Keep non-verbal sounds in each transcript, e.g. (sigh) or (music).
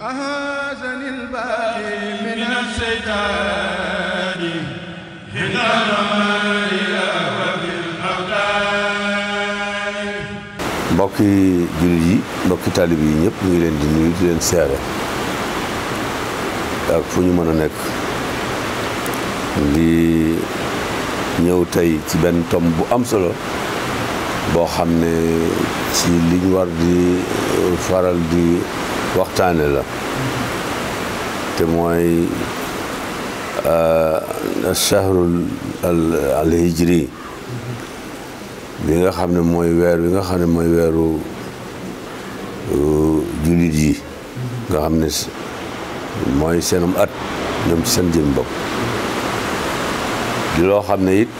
أهازني الباقي من السيطان حين رماني أبد الأوتان mbokki jullit yi mbokki taalib yi ñépp ñu ngi leen di nuyu di leen siyaare ak fu ñu mën a nekk di ñëw tey ci benn tom bu am solo boo xam ne ci liñ war di faral di waxtaane la te mooy chahru euh, al hijri bi nga xam ne mooy weer bi nga xam ne mooy weeru euh, jullit yi nga xam ne mooy seenum at ñoom seen jëm bopp di loo xam ne it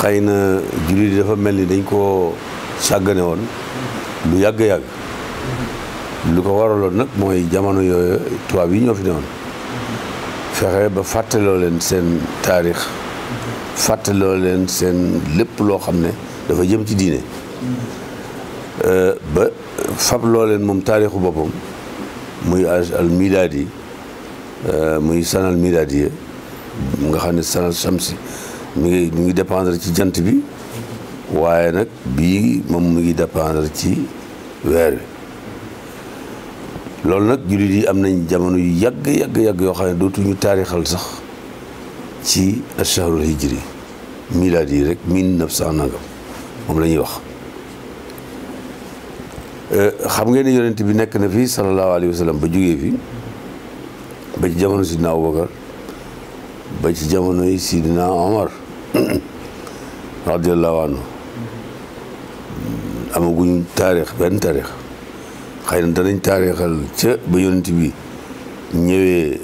xëy na jullit yi dafa mel ni dañ koo sàggane woon lu yàgg-yàgg lu ko waraloon nag mooy jamono yooyu tubaab yi ñoo fi newoon fexe ba fàttaloo leen seen taarix fàttaloo leen seen lépp loo xam ne dafa jëm ci diine euh, ba fab loo leen moom taarixu boppam muy al milaadi euh, muy sanal milaadi yi nga xam ne sanal samsi mu ngi mi ngi dépendre ci jant bi waaye nag bii moom mi ngi dépendre ci weer wi loolu nag jullit yi am nañ jamono yu yàgg yàgg yàgg yoo xam ne dootuñu taarixal sax ci achahrul hijri milaad yi rek mille neuf cent nangam moom la ñuy wax euh, xam ngeen ne yonent bi nekk na fi sallallahu alayhi wa sallam ba jógee fi ba ci jamono sidina Abubakar ba ci jamono yi sidina Omar (coughs) radiyallahu anhu amaguñ taarix benn taarix xëy na danañ taarixal ca ba yonent bi ñëwee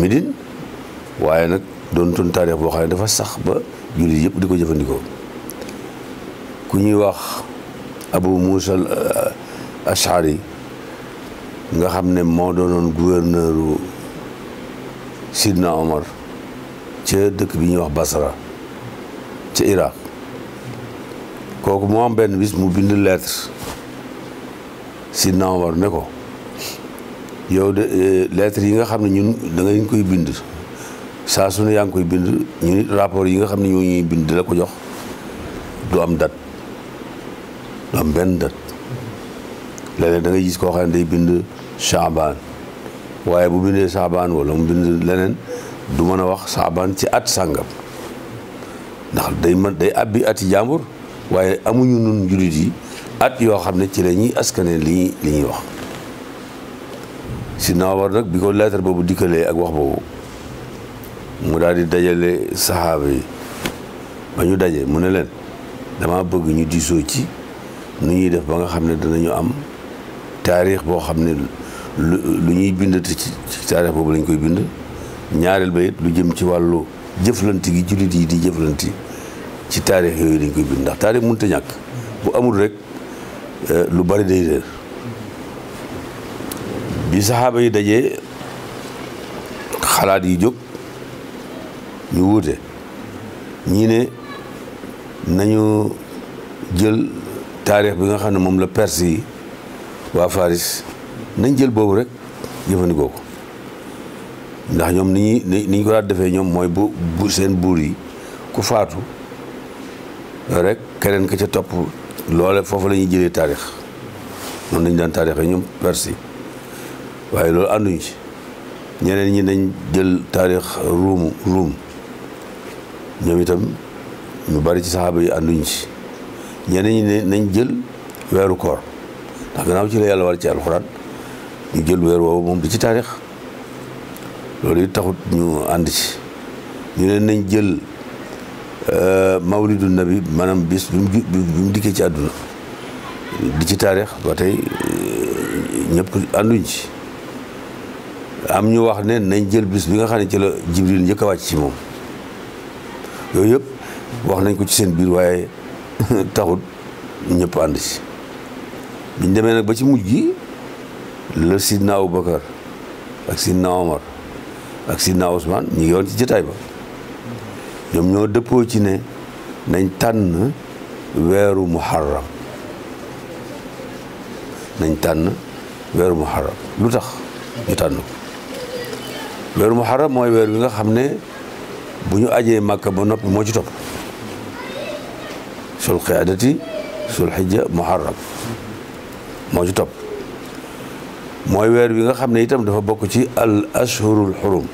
Médine waaye nag doon tun taarix boo xam ne dafa sax ba jullit yëpp di ko jëfandikoo ku ñuy wax Abu Moussa Ashari nga xam ne moo doonoon gouverneur u Sidna Omar ca dëkk bi ñuy wax Basra ca Irak kooku moo am benn bis mu bind lettre Sidna Omar ne ko yow de euh, lettres yi nga xam ne ñun danga nga koy bind saa su yaa ngi koy bind ñun it rapport yi nga xam ne ñoo ñuy bind di la ko jox du am dat du am benn date léeg-léeg da ngay gis koo xam ne day bind Chaabaan waaye bu bindee Chaabaan wala mu bind leneen du mën a wax Chaabaan ci at sàngam ndax day mën day abbi ati jàmbur waaye amuñu nun jullit yi at yoo xam ne ci la ñuy askane li li ñuy wax sidna Omar nag bi ko lettre boobu dikkalee ak wax boobu mu daal di dajale saxaaba yi ba ñu daje mu ne leen damaa bëgg ñu di diisoo ci nu ñuy def ba nga xam ne danañu am taarix boo xam ne lu ñuy bindati ci ci taarix boobu lañ koy bind ñaareel ba it lu jëm ci wàllu jëflante gi jullit yi di jëflante ci taarix yooyu lañ koy bind ndax taarix mënut a ñàkk bu amul rek Euh, lu bari day réer bi saxaaba yi dajee xalaat yi jóg ñu wuute ñii ne nañu jël taarix bi nga xam ne moom la perse yi waa Faris nañ jël boobu rek jëfandikoo ko ndax ñoom ni ñu ni ñu ko daan defee ñoom mooy bu bu seen buur yi ku faatu rek keneen ka ca topp loole foofu la ñuy jëlee taarix noonu lañu daan taarix yi ñoom persi waaye loolu ànduñ ci ñeneen ñi dañ jël taarix ruumu ruum ñoom itam ñu bari ci saxaaba yi ànduñ ci ñeneen ñi ne nañ jël weeru koor ndax gannaaw ci la yàlla war ci alxuraan ñu jël weer woowu moom di ci taarix loolu it taxut ñu ànd ci ñu nañ jël Euh, mawlidun nabi maanaam bis bi mu dikkee ci àdduna di ci taarix ba tey euh, ñëpp ànduñ ci am ñu wax ne nañ jël bis bi nga xam ne ci la jibril njëkk wàcc ci moom yooyu yëpp wax nañ ko ci seen biir waaye (laughs) taxut ñëpp ànd si biñ demee nag ba ci mujj gi la sidna Abubakar ak sidna Omar ak sidna Ousmane ñu ngi woon ci jotaay ba ñoom ñoo dëppoo ci ne nañ tànn weeru muharram nañ tànn weeru muharram lu tax ñu tànn ko weeru muharram mooy weer bi nga xam ne bu ñu ajee màkka ba nopp moo ci topp sul qiadati sul xijja muharram moo ci topp mooy weer bi nga xam ne itam dafa bokk ci al ashhurul xurum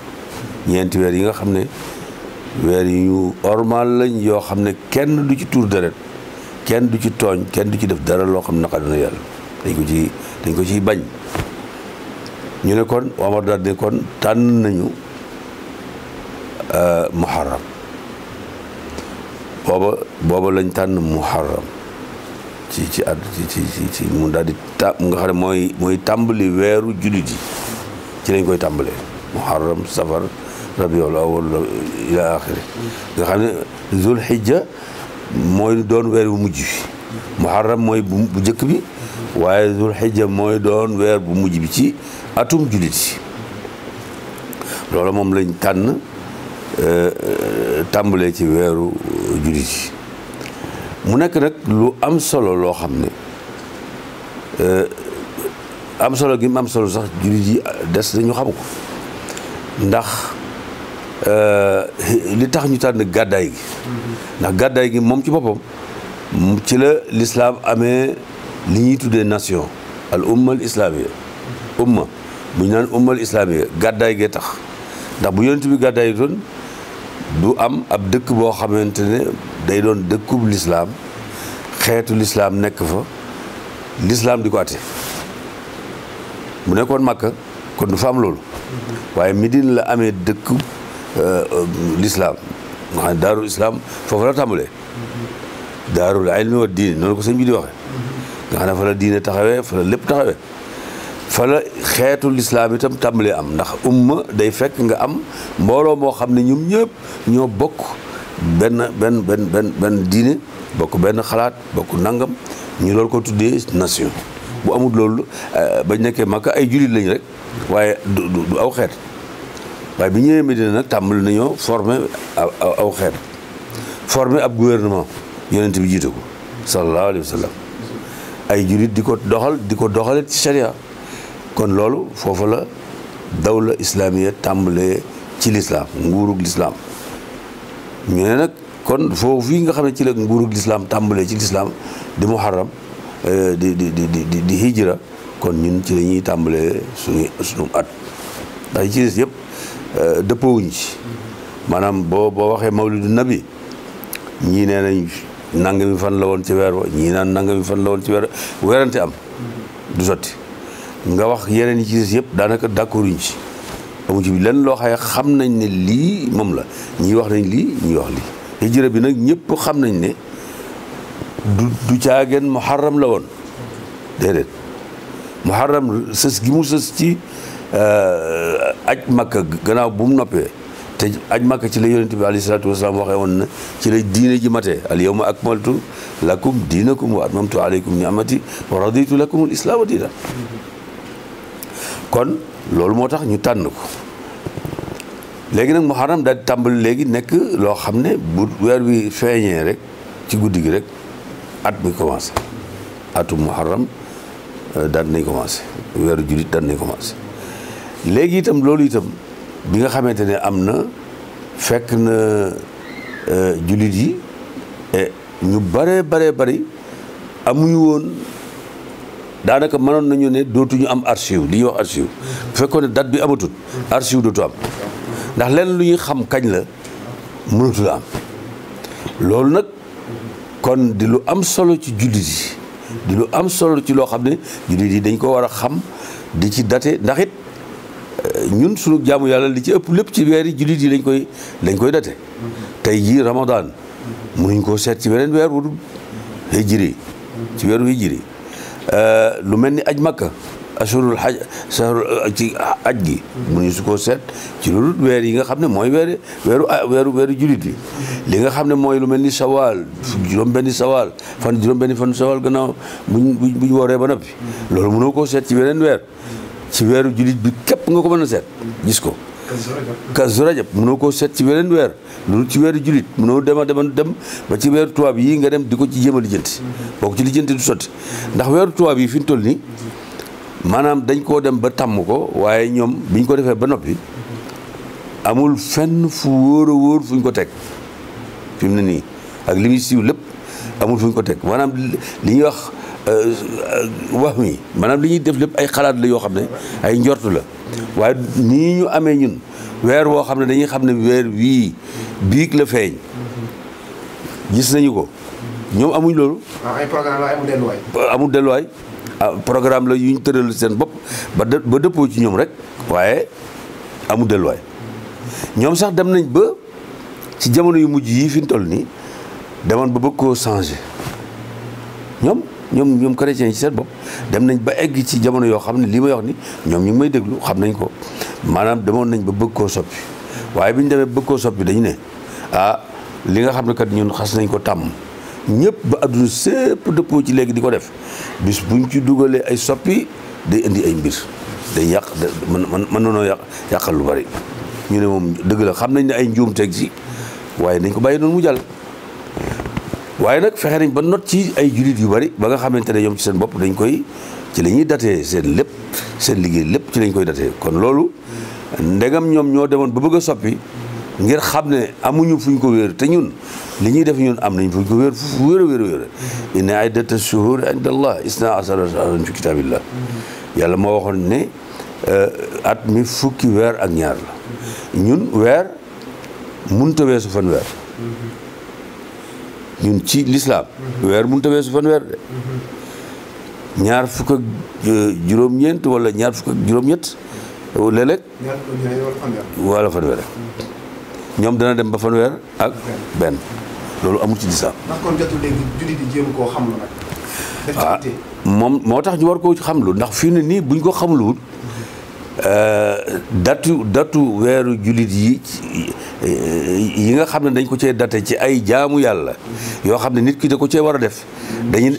ñeenti weer yi nga xam ne weer yu ormal lañ yoo xam ne kenn du ci tuur deret kenn du ci tooñ kenn du ci def dara loo xam ne naqari na yàlla dañ ko ci dañ ko ciy bañ ñu ne kon Omar daal ne kon tànn nañu euh, muharram booba booba lañ tànn muharram ci ci at ci ci mu nga xam ne mooy mooy tàmbali weeru jullit yi ci lañ koy tàmbalee muharram safar rabiul awal ila axiri nga xam ne zul xijja mooy doon weer bu mujj bi muharram mooy bu njëkk bi waaye zul xijja mooy doon weer bu mujj bi ci atum jullit yi loolu moom lañ tànn euh, euh, tàmbalee ci weeru jullit yi mu nekk nag lu am solo loo xam ne euh, am solo gi am solo sax jullit yi des dañu xam ko Euh, li tax ñu tànn gàddaay gi ndax gàddaay gi moom ci boppam ci la lislaam amee li ñuy tuddee nation al umma al islaamiya umma bu ñu naan umma al islaamiya gàddaay gee tax ndax bu yonent bi gàddaay yi doon du am ab dëkk boo xamante ne day doon dëkkub lislaam xeetu lislaam nekk fa lislaam di ko atte bu nekkoon Makka kon du fa am loolu waaye Medine la amee dëkk Euh, euh, l'islam maanaam daarul islam foofu la tàmbalee daarul ilmi wa diine noonu ko sëñ bi di waxee nga xam ne fa la diine taxawee fa la lépp taxawee fa la xeetu lislaam itam tàmbalee am ndax umma day fekk nga am mbooloo moo xam ne ñoom ñëpp ñoo bokk benn benn benn benn diine bokk benn xalaat bokk nangam ñu loolu ko tuddee nation bu amul loolu euh, bañ nekkee Makka ay jullit lañ rek waaye du aw xeet waaye bi ñëwee Medina nag tàmbali nañoo former aw xeet former ab gouvernement yonent bi jiite ko sallallahu wa sallam ay jurit di ko doxal di ko doxale ci sharia kon loolu foofu la dawla islamiya tàmbalee ci lislaam nguurug lislaam ñu ne nag kon foofu yi nga xam ne ci la nguurug lislaam tàmbalee ci lislaam di muharram eh, di di di di hijra kon ñun ci la ñuy tàmbalee suñu suñu at ndax ci des yëpp Euh, dëppoowuñ ci maanaam boo boo waxee mawlidu nabi ñii nee nañ nangami fan la woon ci weer wa ñii naan nangami fan la woon ci weer weerante am du sotti nga wax yeneen yi ci des yëpp daanaka d'accorduñ ci amu ci bi lenn loo xaye xam nañ ne lii moom la ñii wax nañ lii ñii wax lii hijra bi nag ñëpp xam nañ ne du du caageen muharram la woon déedéet muharram sës gi mu sës ci Euh, aj makka gannaaw bu mu noppee te aj makka ci la yonent bi alayhi salaatu wasalaam waxee woon na ci la diine ji matee al yawma akmaltu lakum diinakum wa atmamtu alaykum ni'mati wa raditu lakum al islaama diina kon loolu moo tax ñu tànn ko léegi nag muharram daal di tàmbali léegi nekk loo xam ne bu weer wi feeñee rek ci guddi gi rek at mi commencé atum muharram euh, daal di nañ commencé weeru julit daal di nañ commencé léegi itam loolu itam bi nga xamante ne am na fekk na euh, jullit yi e ñu bare bare bari amuñu woon daanaka mënoon nañu ne dootuñu am archive li ñuy wax archive bu fekkoon ne date bi amatut archive dootu am ndax lenn lu ñuy xam kañ la mënatul am loolu nag kon di lu am solo ci jullit yi di lu am solo ci loo xam ne jullit yi dañ koo war a xam di ci date ndax it ñun sunu jaamu yàlla li ci ëpp lépp ci weeri jullit yi lañ koy lañ koy date tey jii Ramadan mënuñ koo seet ci beneen weer wu dul hijri ci weeru hijri euh, lu mel ni aj makka asurul xaj sahrul ci aj su ko seet ci lu dul weer yi nga xam ne mooy weeri weer weeru weeru li nga xam ne mooy lu mel ni sawaal juróom benni sawaal fan juróom benni fan sawaal gannaaw buñ buñ wooree ba noppi loolu mënoo ko seet ci beneen weer ci weeru jullit bi képp nga ko mën a seet gis ko kazu rajab mënoo koo seet ci weneen weer loolu ci weeru jullit mënoo dema dema dem ba ci weeru tubaab yi nga dem di ko ci jéem a lijjanti boo ko ci lijjanti du sotti ndax weeru tubaab yi fi ñu toll nii maanaam dañ koo dem ba tàmm ko waaye ñoom biñ ko defee ba noppi amul fenn fu wóor a wóor fuñ ko teg fi mu ne nii ak li muy siiw lépp amul fuñ ko teg maanaam li ñuy wax Euh, euh, wax mi maanaam li ñuy def lépp ay xalaat la yoo xam ne ay njort la waaye nii ñu amee ñun weer woo xam ne dañuy xam ne weer wii biig la feeñ gis nañu ko ñoom amuñ loolu. ay programme delluwaay. amul delluwaay ah, la yu ñu tëral seen bopp ba dëppoo ci ñoom rek waaye amul delluwaay ñoom sax dem nañ ba ci jamono yu mujj yii fi ñu toll nii demoon ba bëgg koo changé ñoom. ñoom ñoom chrétiens yi ci seen bopp dem nañ ba egg ci jamono yoo xam ne lii may wax ni ñoom ñu ngi may déglu xam nañ ko maanaam demoon nañ ba bëgg koo soppi waaye bi ñu demee bëgg koo soppi dañu ne ah li nga xam ne kat ñun xas nañ ko tàmm ñëpp ba adduna sépp dëppoo ci léegi di ko def bis buñ ci dugalee ay soppi day indi ay mbir day yàq mën mën nanoo yàq yàqal lu bari ñu ne moom dëgg la xam nañ ne ay njuum teg si waaye nañ ko bay noonu mu jàll waaye nag fexe nañ ba not ci ay jullit yu bari ba nga xamante ne ñoom ci seen bopp dañ koy ci la ñuy datee seen lépp seen liggéey lépp ci lañ koy datee kon loolu ndegam ñoom ñoo demoon ba bëgg a soppi ngir xam ne amuñu fuñ ko wéer te ñun li ñuy def ñun am nañ fuñ ko wéer fu wéer a wéer a wéer mm-hmm. inna iddata shuhur inda allah isna asara shahran fi kitabillah mm-hmm. yàlla moo waxoon ne euh, at mi fukki weer ak ñaar la mm-hmm. ñun weer mënut a weesu fan weer ñun ci lislaam weer mënut a weesu fanweer de ñaar fukk ak euh, juróom-ñeent wala ñaar fukk ak juróom-ñett euh, léeg-léeg fanweer ñoom dana dem ba fanweer ak benn loolu amul ci lislaam ah moom moo tax ñu war koo xam lu ndax fii ne nii buñ ko xamluwul Euh, datu datu weeru jullit yi yi nga xam ne dañ ko cee date ci ay jaamu yàlla yoo xam ne nit ki da ko cee war a def dañu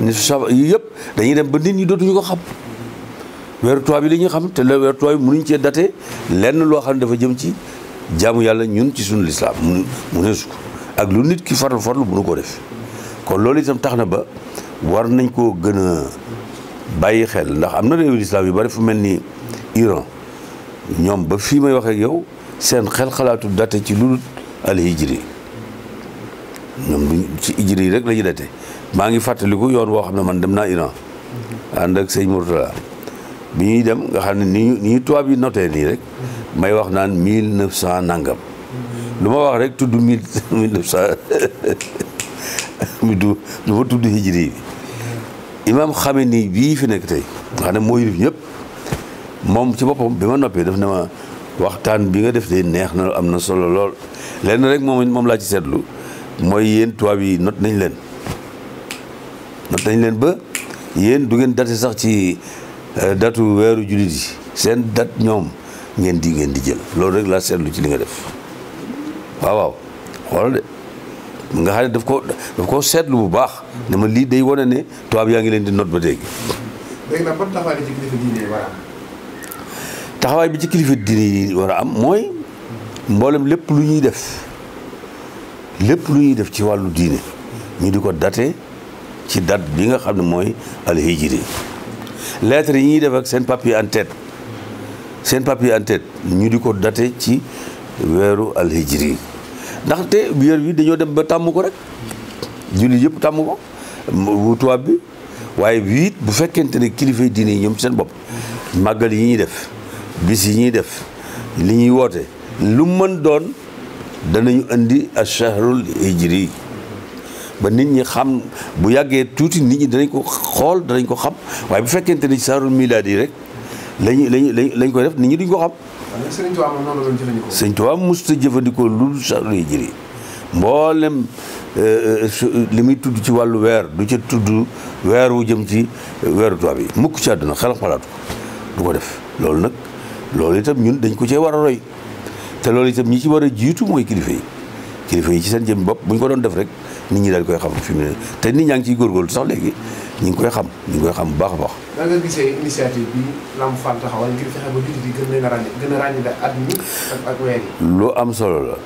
ni saba yi yëpp dañuy dem ba nit ñi dootuñu ko xam weeru tubaab yi la xam te la weeru tubaab yi cee date lenn loo xam ne dafa jëm ci jaamu yàlla ñun ci suñu lislaam mu mëneesu ko ak lu nit ki farlu farlu mënu ko def kon loolu itam tax na ba war nañ koo gën a bàyyi xel ndax am na réewu lislaam yu bari fu mel nii Iran ñoom ba fii may waxee yow seen xel xalaatu date ci lu dul al hijri ñoom duñ ci hijri rek la ñuy maa ngi fàttaliku yoon woo xam ne man dem naa Iran ànd ak sëñ Mourtala bi ñuy dem nga xam ne ni ñu ni yi noté nii rek may wax naan mille neuf cent nangam lu ma wax rek tudd mille mille neuf cent du ma tudd hijri bi bii fi nekk tey nga xam ne moo yilif ñëpp moom ci boppam bi ma noppee daf na ma waxtaan bi nga def de neex na am na solo lool lenn rek moom moom laa ci seetlu mooy yéen tubaab yi not nañ leen not nañ leen ba yéen du ngeen date sax ci euh, datu weeru jullit yi seen date ñoom ngeen di ngeen di jël loolu rek laa seetlu ci li nga def waaw waaw xoolal de nga xam ne daf ko daf ko seetlu bu baax dama lii day wane ne tubaab yaa ngi leen di not ba léegi. taxawaay bi ci kilifa diine yi war a am mooy mboolem lépp lu ñuy def lépp lu ñuy def ci wàllu diine ñu di ko daté ci dat bi nga xam ne mooy alhijri lettre yi ñuy def ak seen papier en tête seen papier en tête ñu di ko daté ci weeru alhijri ndaxte weer bi dañoo dem ba tàmm ko rek julli yëpp tàmm ko wu bi waaye bi it bu fekkente ne kilifa diine yi ñoom seen bopp màggal yi ñuy def bis yi ñuy def li ñuy woote lu mën doon danañu indi achahrul hijri ba nit ñi xam bu yàggee tuuti nit ñi danañ ko xool danañ ko xam waaye bu fekkente ni sahrul milaad yi rek lañu lañu lañ koy def nit ñi duñ ko xam. sëñ Tuubaa mosut jëfandikoo lu sahrul hijri mboolem euh, euh, li muy tudd ci wàllu weer du ca tudd weer wu jëm ci weeru tubaab yi mukk ci àdduna xelam xalaatu ko du ko def loolu nag. loolu itam ñun dañ ko cee war a roy te loolu itam ñi ci war a jiitu mooy kilifa yi kilifa yi ci seen jëm bopp bu ñu ko doon def rek nit ñi daal koy xam fi te nit ñaa ngi ciy góorgóorlu sax léegi ñu ngi koy xam ñu koy xam bu baax baax. da nga gisee initiative a a ràññee lu am solo la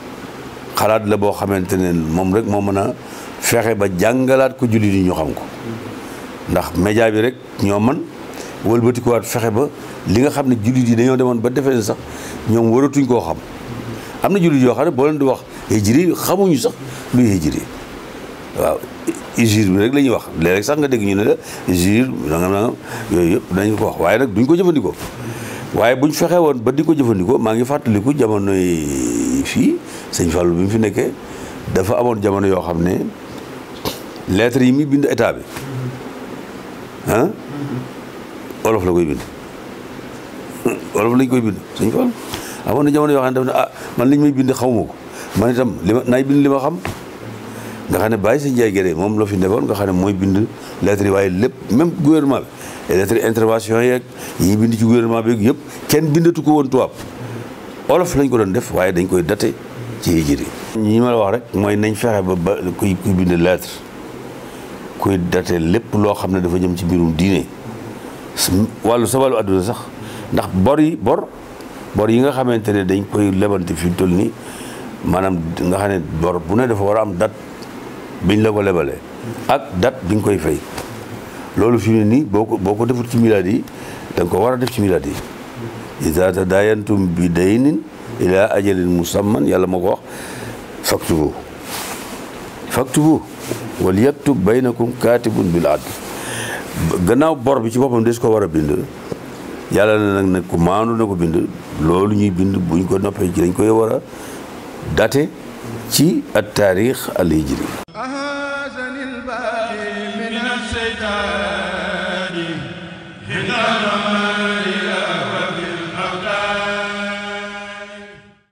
xalaat la boo xamante ne moom rek moo mën a fexe ba jàngalaat ko jullit yi ñu xam ko mm-hmm. ndax média bi rek ñoo mën walbatikuwaat fexe ba li nga xam ne jullit yi dañoo demoon ba defee ne sax ñoom waratuñ koo xam am na jullit yoo xam ne boo leen di wax hijri xamuñu sax luy hijri waaw hijir bi rek la wax léeg sax nga dégg ñu ne la hijir nangam nangam yooyu yëpp dañu ko wax waaye nag duñ ko jëfandikoo waaye buñ fexe woon ba di ko jëfandikoo maa ngi fàttaliku jamono yi fii sëñ Fallou bi mu fi nekkee dafa amoon jamono yoo xam ne lettres yi muy bind état bi olof la koy bind olof lañ koy bind suñ ko amoon jamono yoo xam ne daf ne ah man liñ may bind xawma ko man itam li ma naay bind li ma xam nga xam ne bàyyi si njaay moom la fi nekkoon nga xam ne mooy bind lettres yi lépp même gouvernement bi lettres intervention yeeg yi bind ci gouvernement bi yëpp kenn bindatu ko woon tubaab olof lañ ko doon def waaye dañ koy daté ci hijri ñi ma wax rek mooy nañ fexe ba ba kuy kuy bind lettre kuy daté lépp loo xam ne dafa jëm ci biirum diine wàllu sa walo àdduna sax ndax bor yi bor bor yi nga xamante ne dañ koy lebante fi toll nii maanaam nga xam ne bor bu ne dafa war a am date biñ la ko lebalee ak dat bi nga koy fay loolu fi mu nii boo ko boo ko deful ci milaad yi ko war a def ci milaad yi iza tadayantum bi daynin ila ajalin musamman yàlla moo ko wax faktubu faktubu wal yaktub baynakum katibun bil adl gannaaw bor bi ci boppam des ko war a bind yàlla na nag ne ku maandu na ko bind loolu ñuy bind buñ ko noppee ji dañ koy war a date ci at taarix al hijri